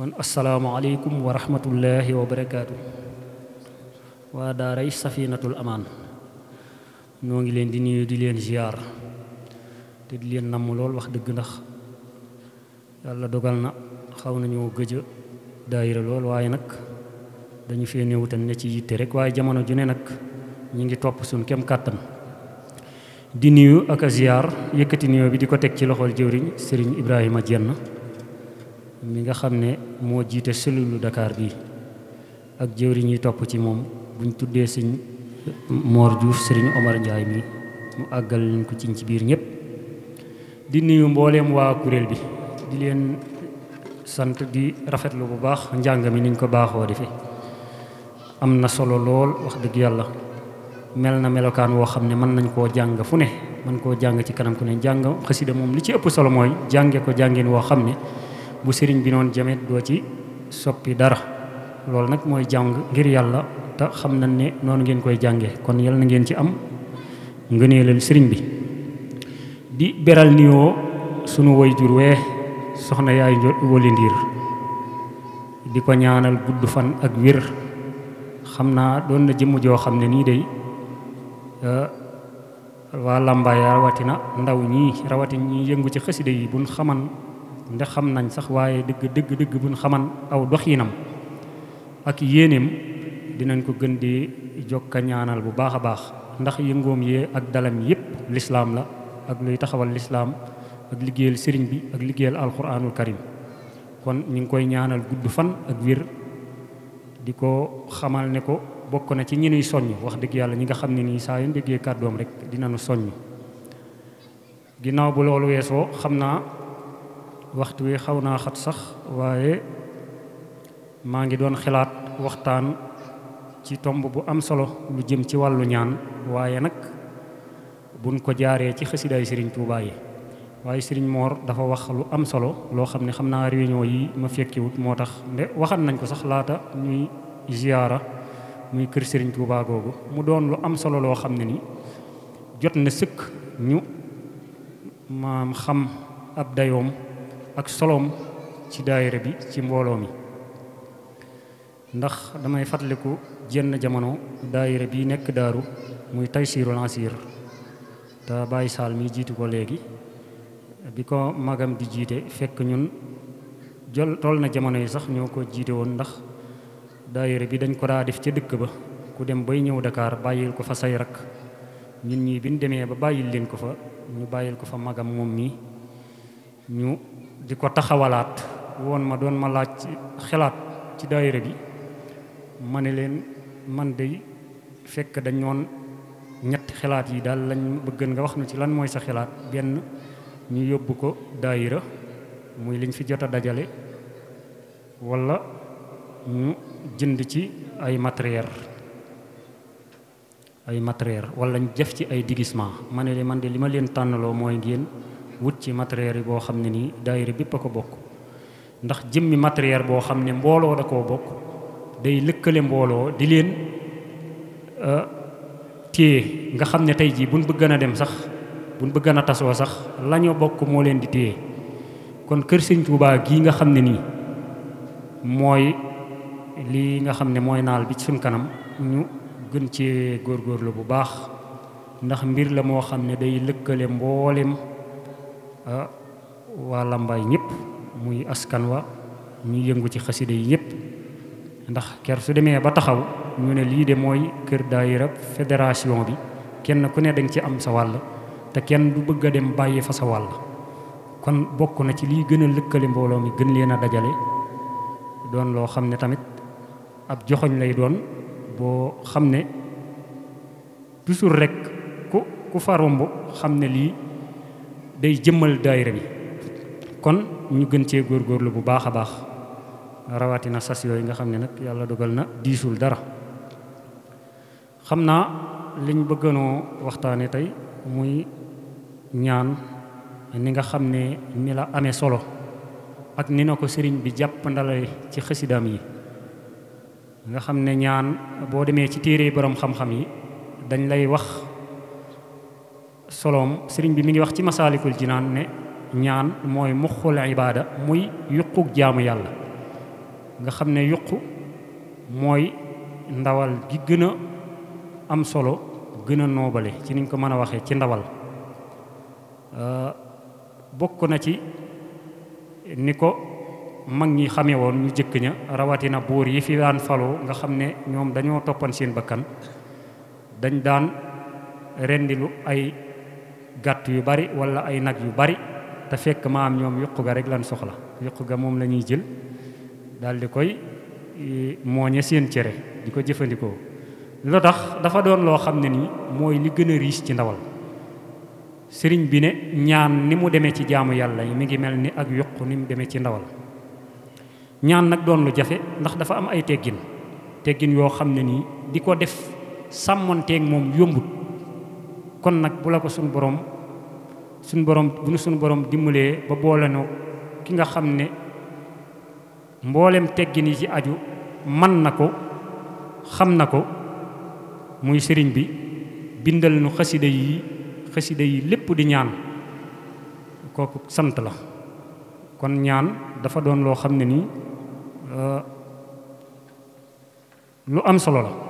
kon asalaamaaleykum wa rahmatullahi wa barakaatu. waa daaray safinatul amaan noo ngi leen di nuyu di leen ziar te di leen namm lool wax dëgg ndax yàlla dogal na xaw nañoo gëj daayira lool waaye nag dañu fee newutam ne ci yitte rek waaye jamono ju ne nag ñu ngi topp suñ kem kàttan di nuyu ak a ziar yëkkati nuyoo bi di ko teg ci loxol jëwriñ Serigne Ibrahima Jenn mi nga xam ne moo jiite cellule dakaar bi ak jëwriñ yi topp ci moom buñ tuddee sëñ Mor Diouf sëriñ Omar Ndiaye mi mu àggal leen ko ci ci biir ñëpp di nuyu mbooleem waa kuréel bi di leen sant di rafetlu bu baax njàng mi niñ ko baaxoo defe am na solo lool wax dëgg yàlla mel na melokaan woo xam ne mën nañ koo jàng fu ne mën koo jàng ci kanam ku ne jàng xasida moom li ci ëpp solo mooy jànge ko jàngeen woo xam ne bu sëriñ bi noonu jamet doo ci soppi dara loolu nag mooy jàng ngir yàlla te xam na ne noonu ngeen koy jànge kon yal na ngeen ci am ngëneelal sëriñ bi di beral nuyoo sunu woy jur wee soxna yaay wali ndiir di ko ñaanal gudd fan ak wér xam naa doon na jëmm joo xam ne nii day eh, waa làmbaay rawatina ndaw ñii rawatin ñi yëngu ci xasida yi buñ xaman nde xam nañ sax waaye dëgg dëgg dëgg buñ xaman aw doxinam ak yéeneem dinañ ko gën di jokka ñaanal bu baax a baax ndax yëngoom yee ak dalam yépp lislaam la ak luy taxawal lislaam ak liggéeyal sëriñ bi ak liggéeyal alxuraanul karim kon ñu ngi koy ñaanal gudd fan ak wér di ko xamal ne ko bokk na ci ñi nuy soññ wax dëgg yàlla ñi nga xam ne nii saa yu déggee kàddoom rek dinañu soññ ginnaaw bu loolu weesoo xam naa waxtu wi xaw naa xat sax waaye maa ngi doon xalaat waxtaan ci tomb bu am solo lu jëm ci wàllu ñaan waaye nag buñ ko jaaree ci xasidaay sëriñ Touba yi waaye Serigne moor dafa wax lu am solo loo xam ne xam naa réunion yi ma fekkiwut moo tax nde waxan nañ ko sax laata ñuy ziyaara muy kër Serigne Touba googu mu doon lu am solo loo xam ne ni jot na sëkk ñu maam xam ab dayoom ak soloom ci daayira bi ci mbooloo mi ndax damay fàttaliku jenn jamono daayira bi nekk daaru muy Taysiirul Asiir te Baye Sall mi jiitu ko léegi bi ko magam di jiite fekk ñun jol toll na jamono yi sax ñoo ko jiite woon ndax daayira bi dañ ko daa def ca dëkk ba ku dem bay ñëw Dakar bàyyil ko fa say rak ñun ñii bi demee ba bàyyil leen ko fa ñu bàyyil ko fa magam moom mii ñu di ko taxawalaat woon ma doon ma laaj xelaat ci daayira bi ma ne leen man de fekk dañ ñoon ñetti xalaat yi daal lañ bëgg nga wax na ci lan mooy sa xelaat benn ñu yóbbu ko daayira muy liñ fi jot a dajale walla ñu jënd ci ay matériel ay matériel walla ñu jëf ci ay déguisement ma ne leen man de li ma leen tànnaloo mooy ngeen wut ci matériel yi boo xam ne nii daay daayira bépp a ko bokk ndax jëmmi matériel boo xam ne mbooloo da koo bokk day lëkkale mbooloo di leen euh, téye nga xam ne tey jii buñ bëgg a dem sax buñ bëgg a tasoo sax la ñu bokk moo leen di téye kon kër sëñ Tuubaa gii nga xam ne nii mooy lii nga xam ne mooy naal bi ci suñ kanam ñu gën cee góorgóorlu bu baax ndax mbir la moo xam ne day lëkkale mboolem waa Lambaay ñépp muy askan wa ñuy yëngu ci xasida yi ñëpp ndax ker su demee ba taxaw ñu ne lii de mooy kër daayira fédération bi kenn ku ne danga ci am sa wàll te kenn du bëgg dem bàyyi fa sa wàll kon bokk na ci lii gën a lëkkale mbooloo mi gën leen a dajale doon loo xam ne tamit ab joxoñ lay doon boo xam ne toujours rek ku ku fa romb xam ne lii day jëmmal daayira bi kon ñu gën cee góor góorlu bu baax a baax rawatina sas yooyu nga xam ne nag yàlla dogal na diisul dara xam naa liñ bëgganoo waxtaane tey muy ñaan ni nga xam ne ni la amee solo ak ni na ko sëriñ bi jàpp ndale ci xësidaam yi nga xam ne ñaan boo demee ci téere boroom xam-xam yi dañ lay wax soloom sëriñ bi mu ngi wax ci masaalikul jinaan ne ñaan mooy muxul ibaada muy yuquk jaamu yàlla nga xam ne yuq mooy ndawal gi gën a am solo gën a noobale ci niñ ko mën a waxee ci ndawal euh, bokk na ci ni ko mag ñi xamee woon ñu jëkk ña rawatina buur yi fi daan faloo nga xam ne ñoom dañoo toppan seen bakkan dañ daan rendilu ay gàtt yu bari wala ay nag yu bari te fekk maam ñoom yuq ga rek lan soxla yuq ga moom la ñuy jël daal di koy e, mooñe seen cere di ko jëfandikoo lu tax dafa doon loo xam ne nii mooy li gën a riis ci ndawal sëriñ bi ne ñaan ni mu demee ci jaamu yàlla yi mi ngi mel ni ak yuq ni mu demee ci ndawal ñaan nag doon lu jafe ndax dafa am ay teggin teggin yoo xam ne nii di ko def sàmmanteeg moom yombut kon nag bu la ko suñu borom suñu borom bu suñu borom dimbalee ba boole noo ki nga xam ne mboolem teggin yi ci aju man na ko xam na ko muy sëriñ bi bindal nu xasida yi xasida yi lépp di ñaan kooku sant la kon ñaan dafa doon loo xam ne nii euh, lu am solo la